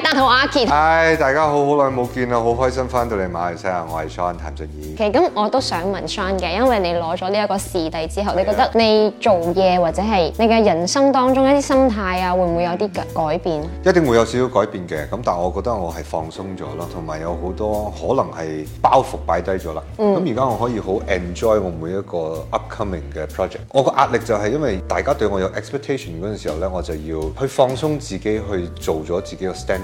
丹阿傑，Hi, 大家好，好耐冇見啦，好開心翻到嚟馬來西亞，我係 Sean 譚俊彥。其實咁我都想問 Sean 嘅，因為你攞咗呢一個視帝之後，你覺得你做嘢或者係你嘅人生當中一啲心態啊，會唔會有啲改變？一定會有少少改變嘅，咁但係我覺得我係放鬆咗咯，同埋有好多可能係包袱擺低咗啦。咁而家我可以好 enjoy 我每一個 upcoming 嘅 project。我個壓力就係因為大家對我有 expectation 嗰陣時候咧，我就要去放鬆自己去做咗自己嘅 stand。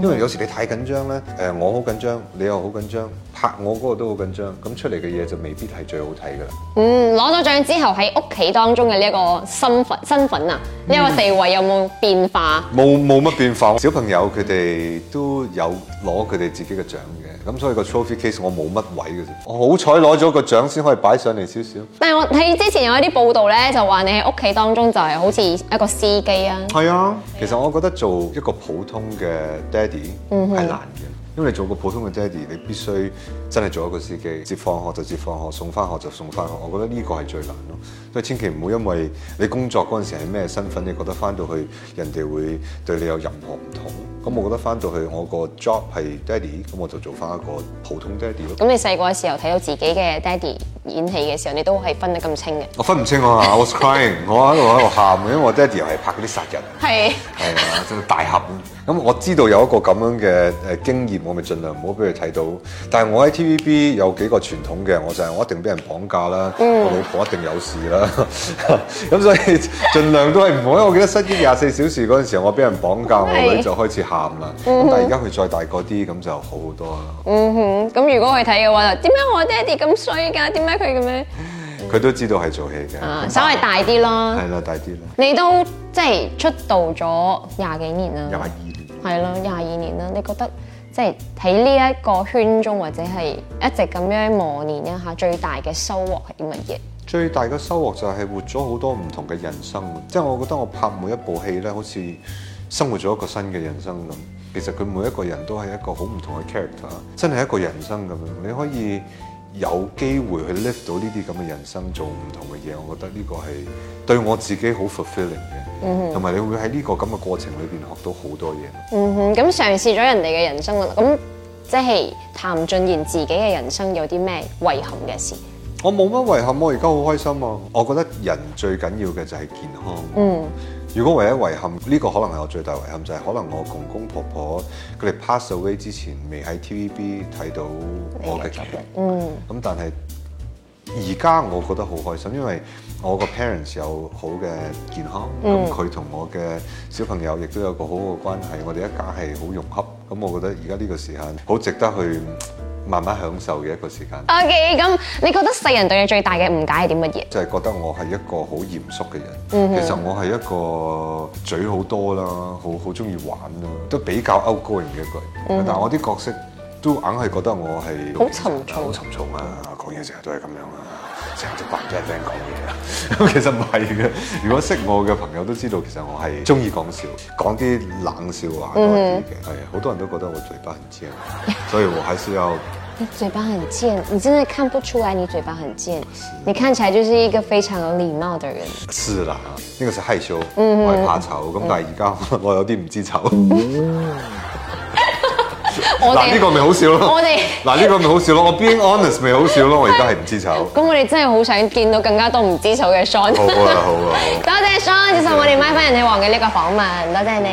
因為有時你太緊張咧，誒我好緊張，你又好緊張，拍我嗰個都好緊張，咁出嚟嘅嘢就未必係最好睇㗎啦。嗯，攞咗獎之後喺屋企當中嘅呢一個身份身份啊，呢、嗯呢個地位有冇變化？冇冇乜變化。小朋友佢哋都有攞佢哋自己嘅獎嘅，咁所以個 trophy case 我冇乜位嘅啫。我好彩攞咗個獎先可以擺上嚟少少。但係我睇之前有一啲報道咧，就話你喺屋企當中就係好似一個司機啊。係啊，其實我覺得做一個普通嘅爹哋，嗯係難嘅，因為你做個普通嘅爹哋，你必須真係做一個司機，接放學就接放學，送翻學就送翻學。我覺得呢個係最難咯，所以千祈唔好因為你工作陣時係咩身份，你覺得翻到去人哋會對你有任何唔同。咁我覺得翻到去我個 job 係 daddy，咁我就做翻一個普通 daddy 咯。咁你細個嘅時候睇到自己嘅 daddy 演戲嘅時候，你都係分得咁清嘅？我分唔清啊！ I was crying, 我係 crying，我喺度喺度喊，因為我 daddy 又係拍嗰啲殺人，係 係啊，就係、大俠咁。我知道有一個咁樣嘅誒經驗，我咪盡量唔好俾佢睇到。但係我喺 TVB 有幾個傳統嘅，我就係我一定俾人綁架啦，個、嗯、老婆一定有事啦。咁 所以盡量都係唔好。因為我記得《失憶廿四小時》嗰陣時候，我俾人綁架， 我女就開始。喊啦！咁但而家佢再大個啲，咁就好好多啦。嗯哼，咁、嗯、如果去睇嘅話，點 解我爹哋咁衰㗎？點解佢咁樣？佢、嗯、都知道係做戲嘅、啊，稍微大啲咯。係啦，大啲啦。你都即係、就是、出道咗廿幾年啦。廿二年了。係咯，廿二年啦。你覺得即係喺呢一個圈中，或者係一直咁樣磨練一下，最大嘅收穫係啲乜嘢？最大嘅收穫就係活咗好多唔同嘅人生。即、就、係、是、我覺得我拍每一部戲咧，好似，生活咗一個新嘅人生咁，其實佢每一個人都係一個好唔同嘅 character，真係一個人生咁樣。你可以有機會去 lift 到呢啲咁嘅人生，做唔同嘅嘢，我覺得呢個係對我自己好 fulfilling 嘅，同埋你會喺呢個咁嘅過程裏邊學到好多嘢。嗯哼，咁嘗試咗人哋嘅人生啦，咁即係譚俊彥自己嘅人生有啲咩遺憾嘅事？我冇乜遺憾喎，我而家好開心啊！我覺得人最緊要嘅就係健康。嗯。如果唯一遺憾，呢個可能係我最大遺憾，就係可能我公公婆婆佢哋 pass away 之前未喺 TVB 睇到我嘅作品。嗯，咁但係而家我覺得好開心，因為我個 parents 有好嘅健康，咁佢同我嘅小朋友亦都有個好好嘅關係，我哋一家係好融洽。咁我覺得而家呢個時間好值得去。慢慢享受嘅一個時間。阿 k 咁，你覺得世人對你最大嘅誤解係點乜嘢？就係、是、覺得我係一個好嚴肅嘅人。Mm-hmm. 其實我係一個嘴好多啦，好好鍾意玩啦，都比較 outgoing 嘅一個人。Mm-hmm. 但係我啲角色，都硬係覺得我係好沉重，好、啊、沉重啊！講嘢成日都係咁樣啊，成日都白癟癟講嘢啊！咁 其實唔係嘅，如果識我嘅朋友都知道，其實我係中意講笑，講啲冷笑話多啲嘅。係、嗯、啊，好多人都覺得我嘴巴很賤， 所以我係需要。你嘴巴很賤，你真的看不出來你嘴巴很賤，你看起來就是一個非常有禮貌的人。是啦，呢、這個是害羞，嗯、我係怕醜。咁、嗯、但係而家我有啲唔知醜。 嗱，呢個咪好笑咯，我哋嗱，呢個咪好笑咯， 我 being honest 咪好笑咯，我而家係唔知醜。咁我哋真係好想見到更加多唔知醜嘅 Shawn。好啊，好好！多謝 Shawn 接受我哋 MY FUN 人氣王嘅呢個訪問，多謝你。